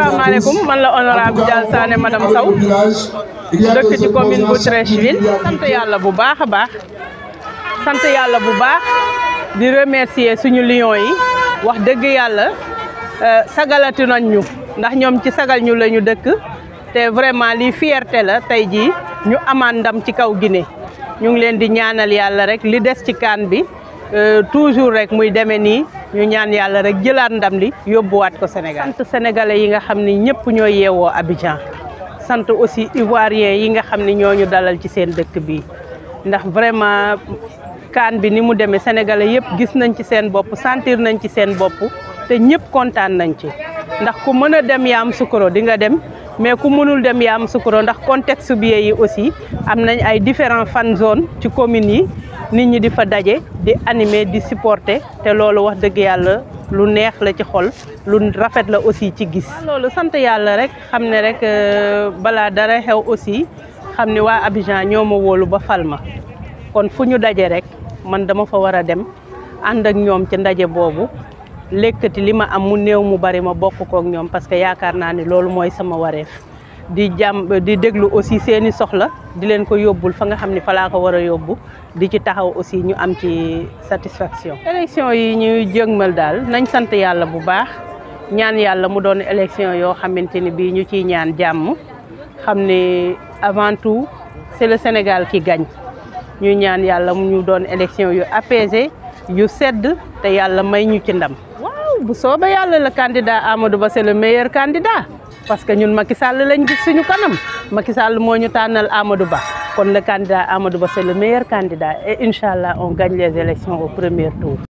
asalaamaaleykum man la honorable Dial Sané madame Sow dëkk ci commune bu Treichville sant yàlla bu baax a baax sant yàlla bu baax di remercier suñu lion yi wax dëgg yàlla euh, sagalati nañ ñu ndax ñoom ci sagal ñu la ñu dëkk te vraiment lii fierté la tey jii ñu amaan ndam ci kaw gine ñu ngi leen di ñaanal yàlla rek li des ci kaan bi euh, toujours rek muy demee nii ñu ñaan yàlla rek jëlaat ndam li yóbbuwaat ko Sénégal sant sénégalais yi nga xam ni ñëpp ñoo yeewoo Abidjan sant aussi ivoirien yi nga xam ni ñoo ñu dalal ci seen dëkk bi ndax vraiment kaan bi ni mu demee sénégalais yëpp gis nañ ci seen bopp sentir nañ ci seen bopp te ñëpp kontaan nañ ci ndax ku mën a dem Yamoussoukro di nga dem mais ku mënul dem Yamoussoukro ndax contexte bi yi aussi am nañ ay différents fan zone ci communes yi nit ñi di fa daje di animer di supporter te loolu wax dëgg yàlla lu neex la ci xol lu rafet la aussi ci gis. Ah, loolu sant yàlla rek xam ne rek euh, balaa dara xew aussi xam ne waa Abidjan ñoo ma woolu ba fal ma kon fu ñu daje rek man dama fa war a dem ànd ak ñoom ci ndaje boobu lékkati li ma am mu néew mu bari ma bokk kook ñoom parce que yaakaar naa ne loolu mooy sama wareef. di jam di deglu aussi seni soxla di len ko yobul fa nga xamni ni fa ko wara yobbu di ci taxaw aussi ñu am ci satisfaction election yi ñu jëgmal dal nañ sante yalla bu baax ñaan yalla mu doon election yo xamanteni bi ñu ci ñaan jàmm xamni avant tout c'est le Sénégal ki gagne ñu ñaan yalla mu ñu doon election yu apaisé yu sedd te yalla may ñu ci ndam waaw bu soba yalla le candidat Amadou Ba c'est le meilleur candidat parce que ñun Macky Sall lañ gis suñu kanam Macky Sall moo ñu tànnal Amadou Ba kon le candidat Amadou Ba c'est le meilleur candidat et incha allah on gagne les élections au premier tour.